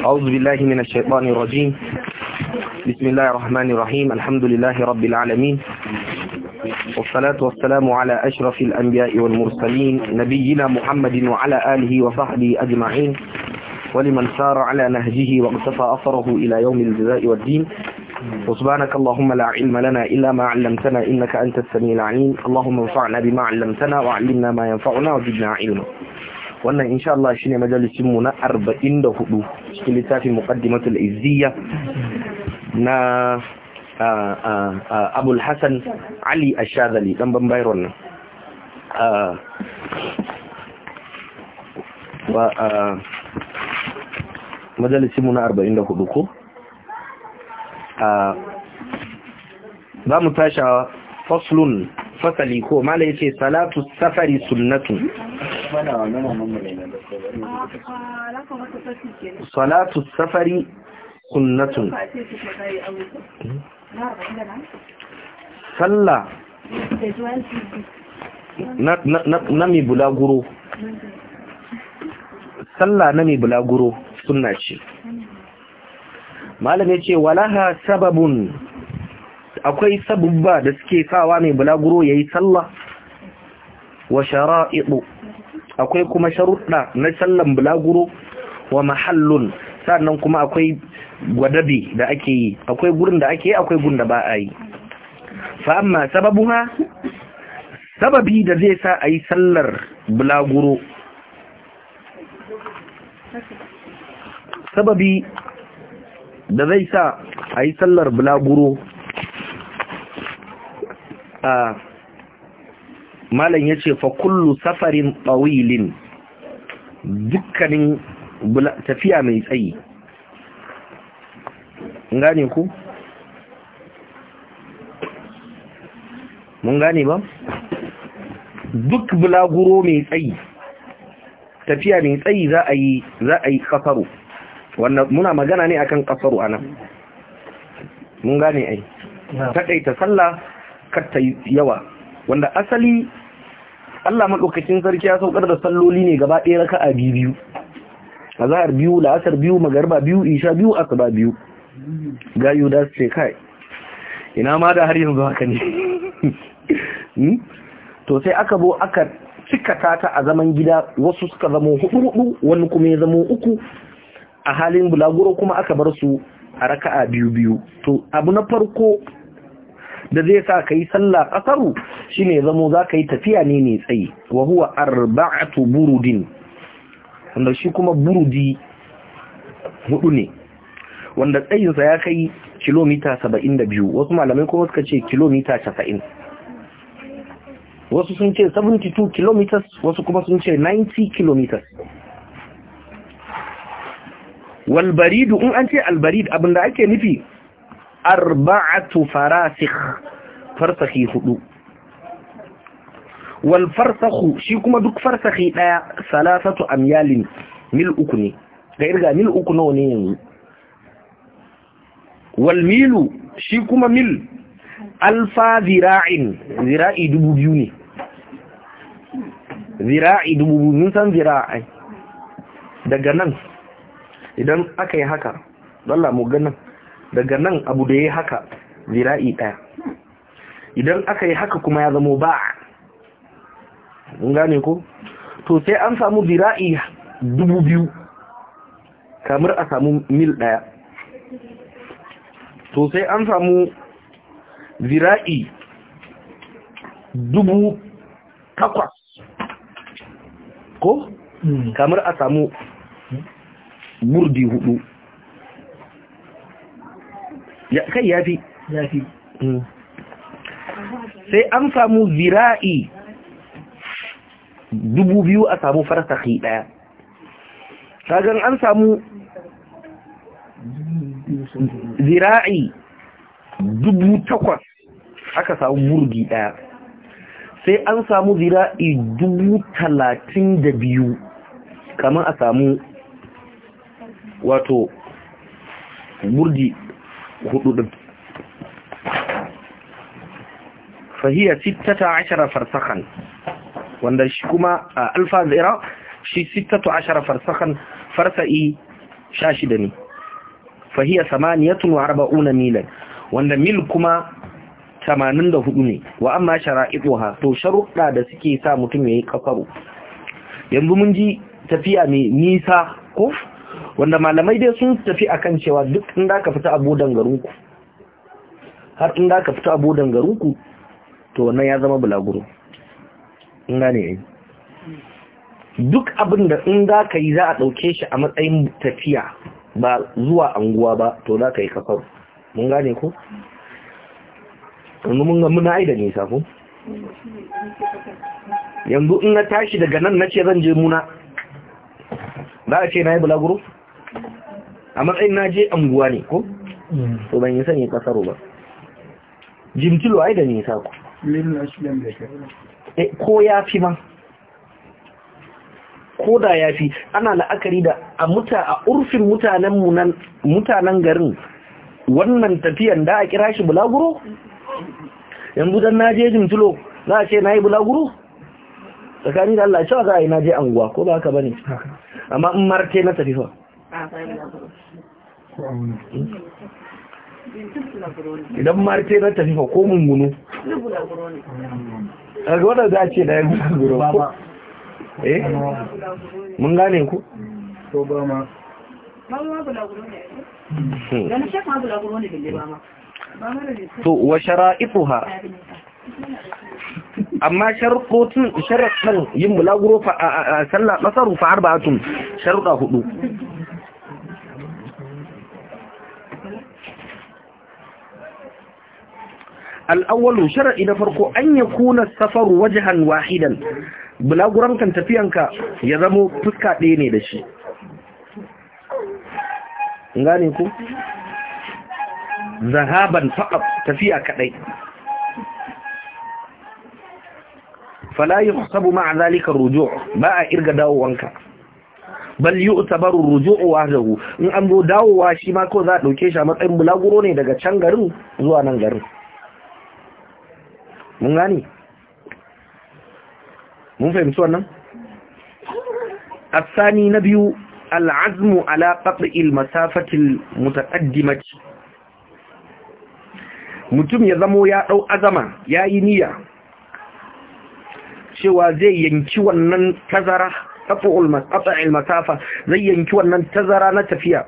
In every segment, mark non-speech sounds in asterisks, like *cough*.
أعوذ بالله من الشيطان الرجيم بسم الله الرحمن الرحيم الحمد لله رب العالمين والصلاة والسلام على أشرف الأنبياء والمرسلين نبينا محمد وعلى آله وصحبه أجمعين ولمن سار على نهجه واقتفى أثره إلى يوم الجزاء والدين وسبحانك اللهم لا علم لنا إلا ما علمتنا إنك أنت السميع العليم اللهم انفعنا بما علمتنا وعلمنا ما ينفعنا وزدنا علما wannan insha Allah shine majalisin mu na 44 cikin littafin muqaddimatul izziya na Abul Hassan Ali Ash-Shadhali dan ban bayar wannan wa majalisin mu na 44 ko za mu tasha faslun fasali ko mala yake salatu safari sunnatun Ah, ah, salatu safari sunnatun hmm? sallah na mai bulaguro sallah na bulaguro sunna ce malam ya ce walaha sababun akwai sabubba da suke sawa mai bulaguro ya yi sallah wa shara'iɗu akwai kuma sharuɗa na sallan bulaguro wa mahallun sannan kuma akwai gwadabi da ake yi akwai gurin da ake yi akwai gun da ba a yi fa amma sababuha sababi da zai sa a yi sallar bulaguro sababi da zai sa a yi sallar bulaguro a malam ya ce fa kullu safarin ɓawilin dukkanin tafiya mai tsayi gane ku? mun gane ba? duk bulaguro mai tsayi tafiya mai tsayi za a yi za a yi kafaru wannan muna magana ne akan kafaro anan mun gane ai ta sallah kar ta yawa wanda asali Allah maɗaukacin sarki ya saukar da salloli ne gaba ɗaya raka a biyu biyu a zahar biyu la'asar biyu magarba biyu isha biyu asuba biyu gayu da su ce kai ina ma da har yanzu haka ne *laughs* hmm? to sai aka bo aka cikata ta a zaman gida wasu suka zamo hudu hudu wani kuma ya zamo uku a halin bulaguro kuma aka bar su a raka'a biyu biyu to abu na farko da zai sa ka yi sallah ƙasaru shi ne zamo za ka yi tafiya ne ne tsayi wa huwa arba'atu burudin wanda shi kuma burudi hudu ne wanda tsayinsa ya kai kilomita saba'in da biyu wasu malamai kuma suka ce kilomita casa'in wasu sun ce 72 kilometers wasu kuma sun ce 90 kilometers walbaridu in an ce albarid abinda ake nufi arba'atu farasikh farsakhi hudu wal farsakhu shi kuma duk farsakhi daya salasatu amyalin mil uku ne ga irga mil uku nawa ne yanzu wal milu shi kuma mil alfa zira'in zira'i dubu biyu ne zira'i dubu biyu mun san zira'ai daga nan idan aka yi haka Allah mu ganin. daga nan abu da ya haka zira'i ɗaya idan aka yi haka kuma ya zama ba mun gane ko to sai an samu zira'i dubu biyu kamar a samu mil ɗaya to sai an samu zira'i dubu takwas ko hmm. kamar a samu burdi hudu kai ya fi hmm. sai an samu zira'i dubu biyu a samu farsahi daya kagan an samu zira'i dubu takwas aka samu murgi daya sai an samu zira'i dubu talatin da biyu kamar a samu wato murgi hudu din sittata ashara farsakan wanda shi kuma a alfa zira shi sittata ashara farsakan farsa'i sha shida ne fahiya samaniyatun wa arba'una milan wanda mil kuma tamanin da hudu ne wa amma ha, to sharuɗa da suke sa mutum ya yi kafaru yanzu mun ji tafiya mai nisa kuf wanda malamai dai sun tafi akan cewa duk inda ka fita abu dangaruku har in da ka fita abu dangaruku to wannan ya zama bulaguro in ne yayi duk abin da in da ka yi za a ɗauke shi a matsayin tafiya ba zuwa anguwa ba to za ka yi kafar mun gane ko yanzu mun ga muna aida nisa ko yanzu in na tashi daga nan na ce zan je muna za a ce na yi bulaguro a matsayin na je anguwa ne ko mm. to ban yi sanya kasaro ba jimtilo ai da nisa ku eh, ko ya fi ma ko da ya fi ana la'akari da a muta a urfin mutanen garin wannan tafiyan da a kira shi bulaguro yanzu dan na je jimtilo za a ce na yi bulaguro tsakani da Allah cewa za a yi na je anguwa ko ba haka bane amma in marke na tafi fa idan marke na tafi fa ko mungunu ga wadda za a ce da ya gulaguro ko eh mun gane ku to ba ma to wa shara'ituha amma sharuɗin sharuɗin yin mulaguro a sallah basaru fa arba'atun sharuɗa hudu al'awwalu sharaɗi na farko an ya kuna safaru wajahan wahidan bulaguran kan tafiyanka ya zamo fuska ɗaya ne da shi gane ku zahaban faqat tafiya kaɗai fala yuhsabu ma'a zalika ruju' ba a irga dawowanka bal yu'tabaru ruju'u wahdahu in an zo dawowa shi ma ko za a dauke shi a matsayin bulaguro ne daga can garin zuwa nan garin mun gani mun fahimci wannan asani na biyu al'azmu ala qat'i al-masafati al-mutaqaddimati mutum ya zamo ya dau azama yi niyya cewa zai yanki wannan tazara qata'il masafa zai yanki wannan tazara na tafiya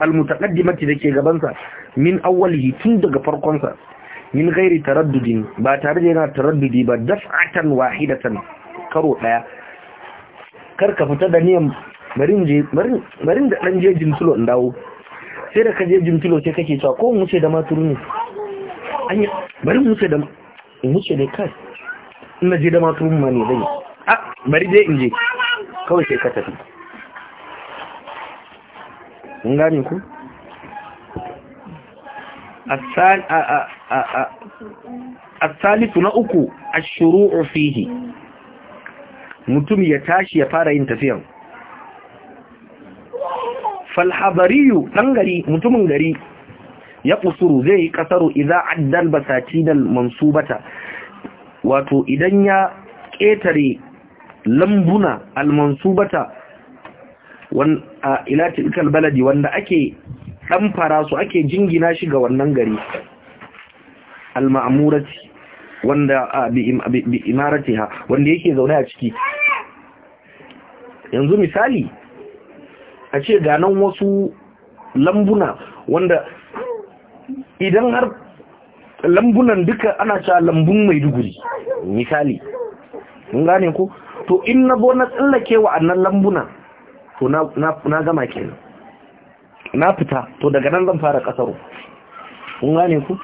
almutaqaddimati dake ke gabansa, min awwalihi tun daga farkonsa, min ghairi taraddudin ba tare da yana taraddudi ba daf'atan wahidatan karo daya kar ka fita da niyan barin je da dan je jimtulo in dawo sai da ka je jimtulo sai kake cewa ko mu ce da maturu ne yi bari mu ce da mu ce da kai ina je da matu ma ne zai a bari dai in je kawai sai ka tafi in gane ku الثالث نأكو الشروع فيه متم يتاشي يفار ينتفيا فالحضري تنغري متم غري يقصر زي قصر إذا عدى البساتين المنصوبة wato idan ya ƙetare lambuna almansubata a ilatikal baladi wanda ake ɗamfara su ake jingina shi ga wannan gari alma'amurati wanda bi ha, wanda yake zaune a ciki yanzu misali a ce ganan wasu lambuna wanda idan har lambunan duka ana cewa lambun mai duguri misali mun gane ku to in na bo na tsallake wa annan lambuna to na gama kenan na fita to daga nan zan fara kasaro ngane gane ku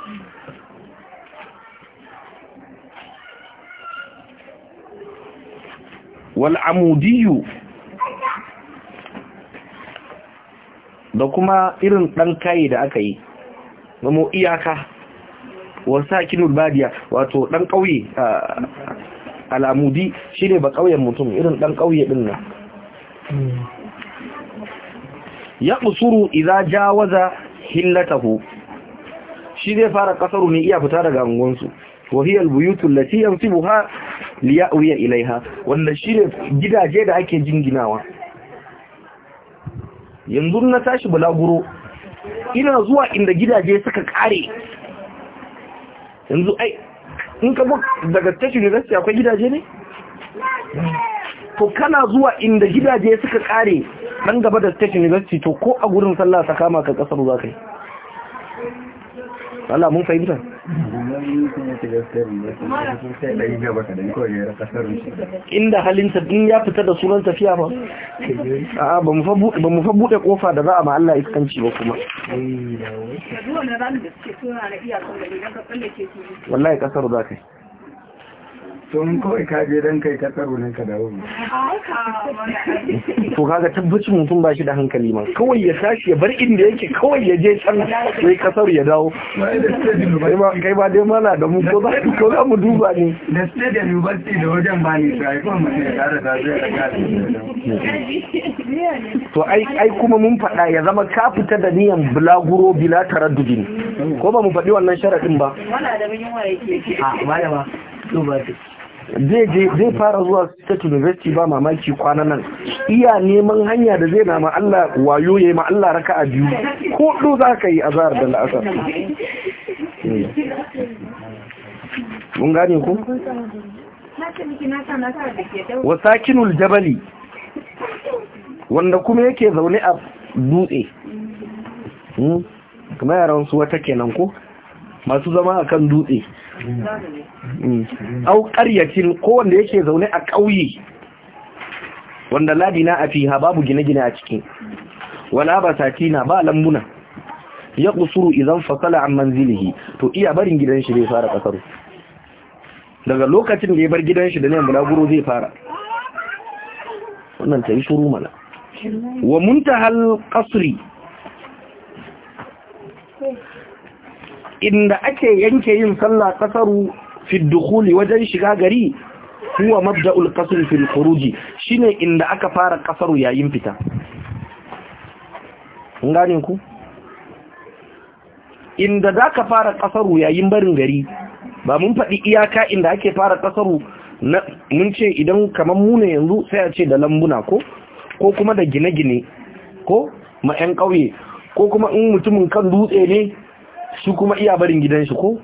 wal amudiyu da kuma irin dan kai da aka yi mu iyaka wa sakinul badiya wato dan kauye al'amudi shine ba kauyen mutum irin dan kauye din nan ya kusuru idza jawaza hillatahu shi zai fara kasaru ne iya fita daga angonsu wa hiya albuyutu allati yansibuha liya'wiya ilaiha Wanda shine gidaje da ake jinginawa yanzu na tashi bulaguro ina zuwa inda gidaje suka kare yanzu ai in ka daga tech university akwai gidaje ne to kana zuwa inda gidaje suka kare dan gaba da tech university to ko a gurin sallah ta kama ka kasar zakai Allah mun fahimta inda halinta din ya fita da sunan tafiya ba A'a ba mu fa buɗe ƙofa da za a ma Allah iskanci ba kuma wallahi ƙasar za sun kawai kaje don kai ta tsaro ne ka dawo to kaga tabbacin mutum ba shi da hankali ma kawai ya tashi ya bar inda yake kawai ya je can sai kasar ya dawo kai ba dai mala da mu ko za mu duba ne da state da university da wajen ba ne sai ko mutum ya tare da zai daga to ai ai kuma mun faɗa ya zama ka fita da niyan bulaguro bila taraddudin ko ba mu faɗi wannan sharaɗin ba ah, wala da mun yi wa yake a malama to ba zai fara zuwa state university ba mamaki kwana nan iya neman hanya da zai nama Allah wayo ya yi ma raka a biyu ko ɗo za ka yi a zahar da la'asar mun gane ku? wasakinul jabali wanda kuma yake zaune a dutse hmm? kuma yaran su wata kenan ko masu zama kan dutse Hmm. au ƙaryacin kowanda yake zaune a ƙauye wanda ladina a fiha babu gine-gine a ciki wala ba satina ba lambuna ya kusuru idan fasala an manzilihi to iya barin gidan shi zai fara kasar daga lokacin da ya bar gidan shi da ne bulaguro zai fara wannan ta yi shuru mana wa muntahal qasri inda ake yanke yin sallah kasaru fi dukhuli wajen shiga gari huwa mabda'ul qasr fil khuruji shine inda aka fara kasaru yayin fita ngarin ku inda zaka fara kasaru yayin barin gari ba mun faɗi iyaka inda ake fara kasaru mun ce idan kamar mu ne yanzu sai a ce da lambuna ko ko kuma da gine-gine ko ma 'yan ƙauye ko kuma in mutumin kan dutse ne shi kuma iya barin gidan shi ko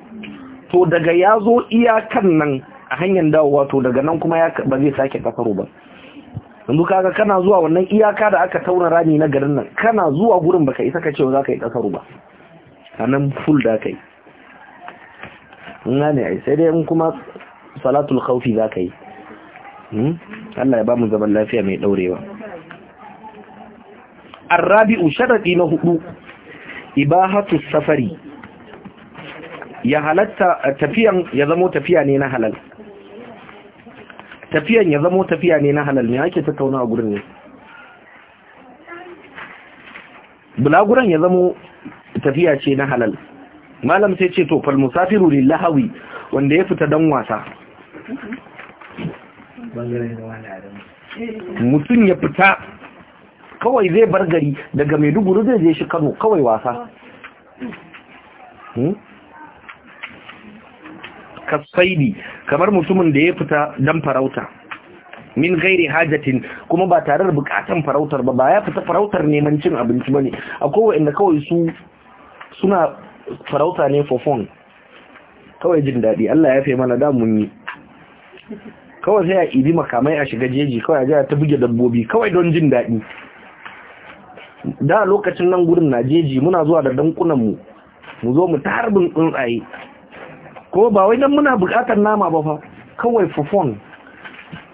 to daga ya zo iyakan nan a hanyar dawowa to daga nan kuma ya ba zai sake kafaro ba yanzu kaga kana zuwa wannan iyaka da aka tauna rami na garin nan kana zuwa gurin baka isa ka za ka yi kafaro ba anan full da kai ngane ai sai dai kuma salatul khawfi ka yi hmm? Allah ya ba mu zaman lafiya mai daurewa Rabi'u sharadi na hudu ibahatu safari ya halatta eh, tafiyan ya zamo tafiya ne na halal tafiyan ya zamo tafiya ne na halal ne ake tattauna a gurin ne bulaguran ya zamo tafiya ce na halal malam sai ce to fal musafiru lillahi wanda ya fita dan wasa mutum ya fita kawai zai bar gari daga maiduguri zai je shi kano kawai wasa hmm? kasaidi kamar mutumin da ya fita dan farauta min gairi hajatin kuma ba tare da bukatan farautar ba ba ya fita farautar neman cin abinci bane akwai wanda kawai su suna farauta ne for fun kawai jin dadi Allah ya fe mana da mun yi kawai sai a idi makamai a shiga jeji kawai a ta buge dabbobi kawai don jin dadi da lokacin nan gurin na jeji muna zuwa da dankunan mu mu zo mu ta harbin tsuntsaye ko ba wai dan muna bukatar nama ba fa kawai fufon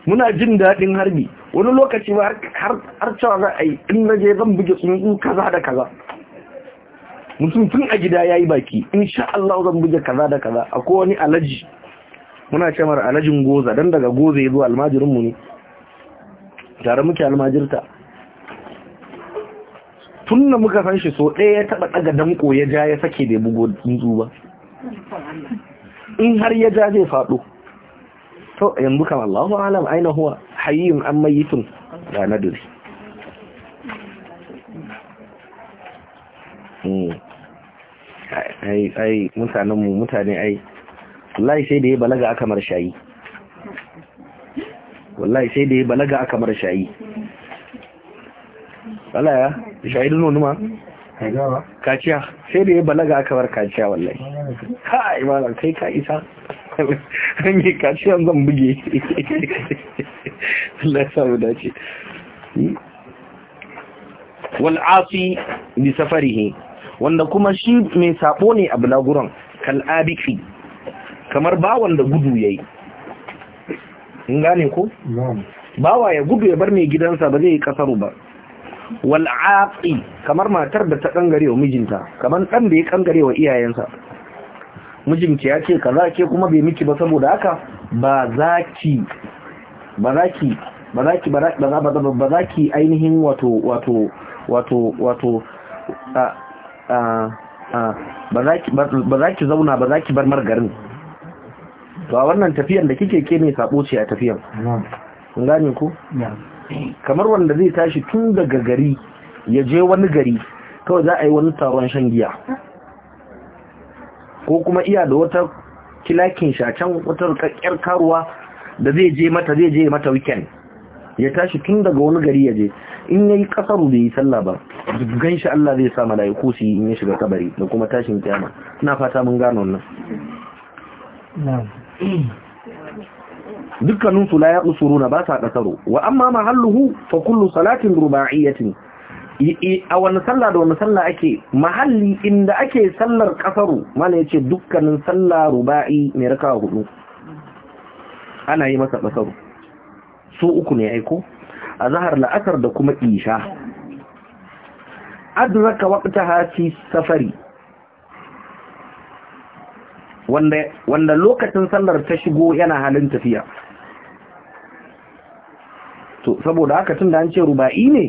muna jin daɗin harbi wani lokaci ba har cewa za a yi in na je zan buge tsuntsu kaza da kaza mutum tun a gida ya yi baki insha Allah zan buge kaza da kaza Akwai wani alaji muna ce mara alajin goza don daga goza ya zo almajirinmu ne tare muke almajirta tun da muka san shi so ɗaya ya taɓa ɗaga danko ya ja ya sake da ya bugo tsuntsu ba in har ya ja zai faɗo to yanzu kan Allahu alam aina huwa hayyun am mayyitun la nadri hmm. ai ai mutanen mu mutane ai wallahi sai da ya balaga aka mar shayi wallahi sai da ya balaga aka mar shayi wala ya shayi dunu ma kaciya sai da ya balaga aka bar kaciya wallahi kai malam kai ka isa hanyar kaciyar zan buge Allah ya samu dace wal'afi bi safarihi wanda kuma shi mai sabo ne a bulaguran abiki, kamar bawan da gudu yayi in gane ko bawa ya gudu ya bar mai gidansa ba zai kasaru ba aqi kamar matar da ta kangare wa mijinta kamar dan da ya kangare wa iyayensa mijinki ya ce kaza ke kuma bai miki ba saboda haka ba za ki ba za ki ba za ki ba za ki ainihin wato wato wato wato a a ba za ki zauna ba za ki bar margarin to a wannan tafiyar da kike ke mai sabo ce a tafiyar kun gane ku kamar wanda zai tashi tun daga gari ya je wani gari kawai za a yi wani taron shan giya ko kuma iya da wata kilakin shi a can wata rukakkiyar karuwa da zai je mata zai je mata weekend ya tashi tun daga wani gari ya je in ya yayi kasaru bai yi sallah ba gan shi Allah zai sa ko su yi in ya shiga kabari da kuma tashin kyama ina fata mun gano wannan dukkanin su la ya ba sa kasaru wa amma mahalluhu fa kullu salatin ruba'iyyatin a wani sallah da wani sallah ake mahalli inda ake sallar kasaru mana ce dukkanin sallah ruba'i mai raka hudu ana yi masa kasaru su uku ne aiko a zahar la'asar da kuma isha adraka waqtaha fi safari wanda lokacin sallar ta shigo yana halin tafiya to saboda haka da an ce ruba'i ne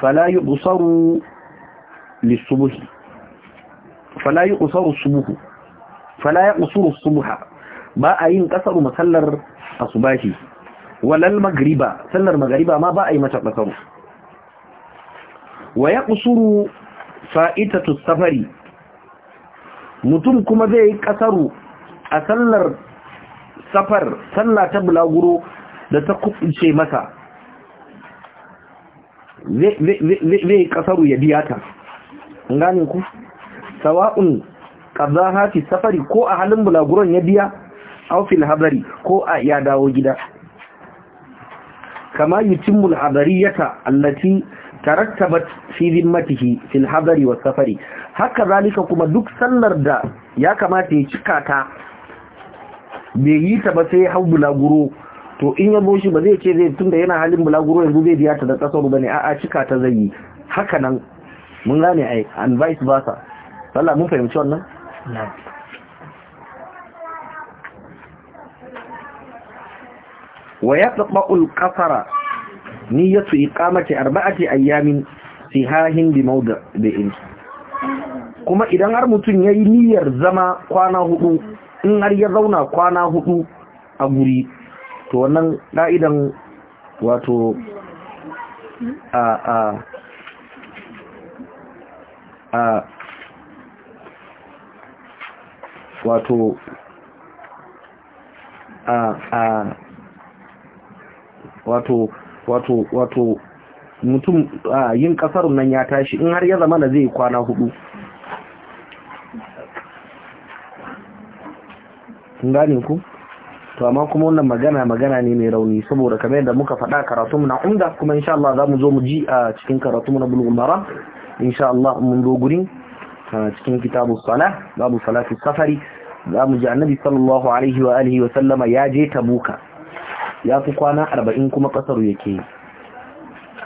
fala yuqsaru lisubuhi fala subuhu ba a yin kasaru masallar asubahi walal magriba sallar magriba ma ba a yi mata kasaru wa yaqsuru fa'itatu safari mutum kuma zai yi kasaru a sallar safar sallah ta bulaguro da ta kubce masa zai kasaru ya biya ta gane ku sawa'un qadaha fi safari ko a halin bulaguron ya biya a fil habari ko a ya dawo gida kama yutimmu ya hadariyata allati tarattabat fi zimmatihi fil hadari wa safari haka zalika kuma duk sallar da ya kamata ya cika ta bai yi ta ba sai hau bulaguro to in yabo shi ba zai ce zai tunda yana halin bulaguro yanzu zai biya ta da ba bane a'a cika ta zai yi haka nan mun gane ai and vice versa Allah mun fahimci wannan wa al qasara niyyatu iqamati arba'ati ayyamin sihahin bi mawda' bi'in kuma idan har mutum yayi niyyar zama kwana hudu in har ya zauna kwana hudu a guri to wannan ƙa'idan wato a a a wato a a wato wato wato mutum yin kasar nan ya tashi in har ya zama da zai kwana hudu ku to amma kuma wannan magana magana ne mai rauni saboda kamar yadda muka faɗa karatu na umda kuma insha Allah za mu zo mu ji a cikin karatu na bulghul maram insha Allah mun zo guri cikin kitabu salah babu salatu safari za mu ji annabi sallallahu alaihi wa alihi wa sallama ya je tabuka ya fi kwana 40 kuma kasaru yake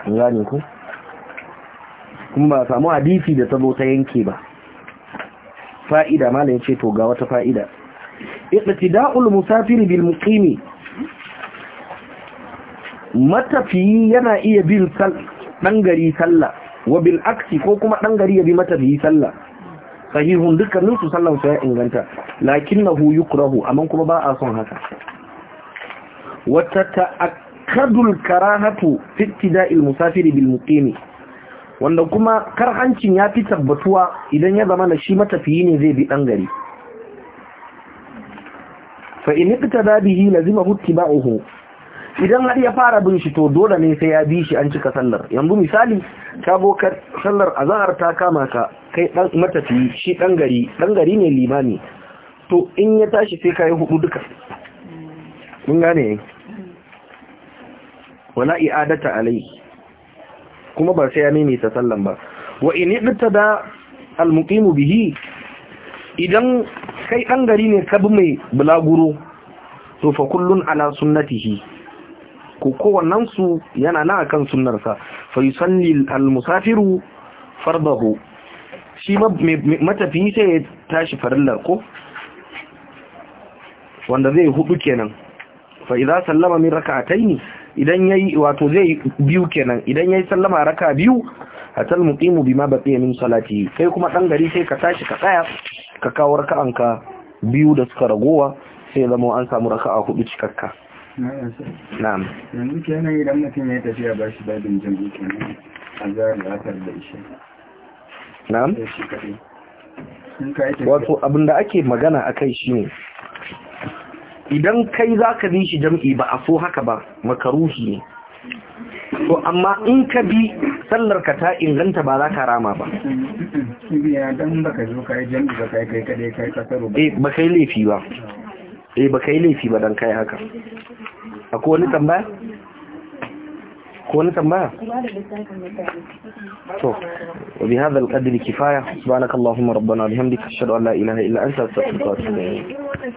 gane ku kuma ba samu hadisi da tabo ta yanke ba fa'ida malam ya ce to ga wata fa'ida iqtida'ul musafiri bil muqimi matafiyi yana iya bin dan gari sallah wa bil aksi ko kuma ɗan gari ya bi matafiyi sallah sahihun dukkanin su sallah su ya inganta lakinnahu yukrahu amma kuma ba a son haka wata ta'akkadul karahatu fi ittida'il musafiri bil muqimi wanda kuma karhancin ya fi tabbatuwa idan ya zama na shi matafiyi ne zai bi ɗan gari fa in iqtada bihi lazima ittiba'uhu idan har ya fara bin shi to dole ne sai ya bi shi an cika sallar yanzu misali ka ka sallar azhar ta kama ka kai dan matafi shi dan gari dan gari ne limami to in ya tashi sai kai hudu duka mun gane wala i'adata alai kuma ba sai ya maimaita sallan ba wa in iqtada al bihi idan kai ɗan gari ne ka bi mai bulaguro to fa kullun ala sunnatihi ko kowannen su yana na akan sunnarsa fa yusalli al musafiru fardahu shi matafiyi sai ya tashi farillar ko wanda zai hudu kenan fa idza sallama min rak'ataini idan yayi wato zai biyu kenan idan yayi sallama raka biyu atal muqimu bima baqiya min salati kai kuma dan gari sai ka tashi ka tsaya ka kawo raka'anka biyu da suka ragowa sai zama an samu raka'a hudu cikakka na'am yanzu kenan idan mutum ya tafiya ba shi babin a da ishe na'am wato abin ake magana a kai shi ne idan kai za ka bi shi jam'i ba a so haka ba makaruhi ne to amma in ka bi sallar ka ta inganta ba za ka rama ba cibiya don baka zo ka yi ba kai kai kadai kai kasaro ba eh, ba kai laifi ba eh ba laifi ba don kai haka akwai wani tambaya ko wani tambaya to kifaya subhanakallahumma rabbana bihamdika ashhadu an illa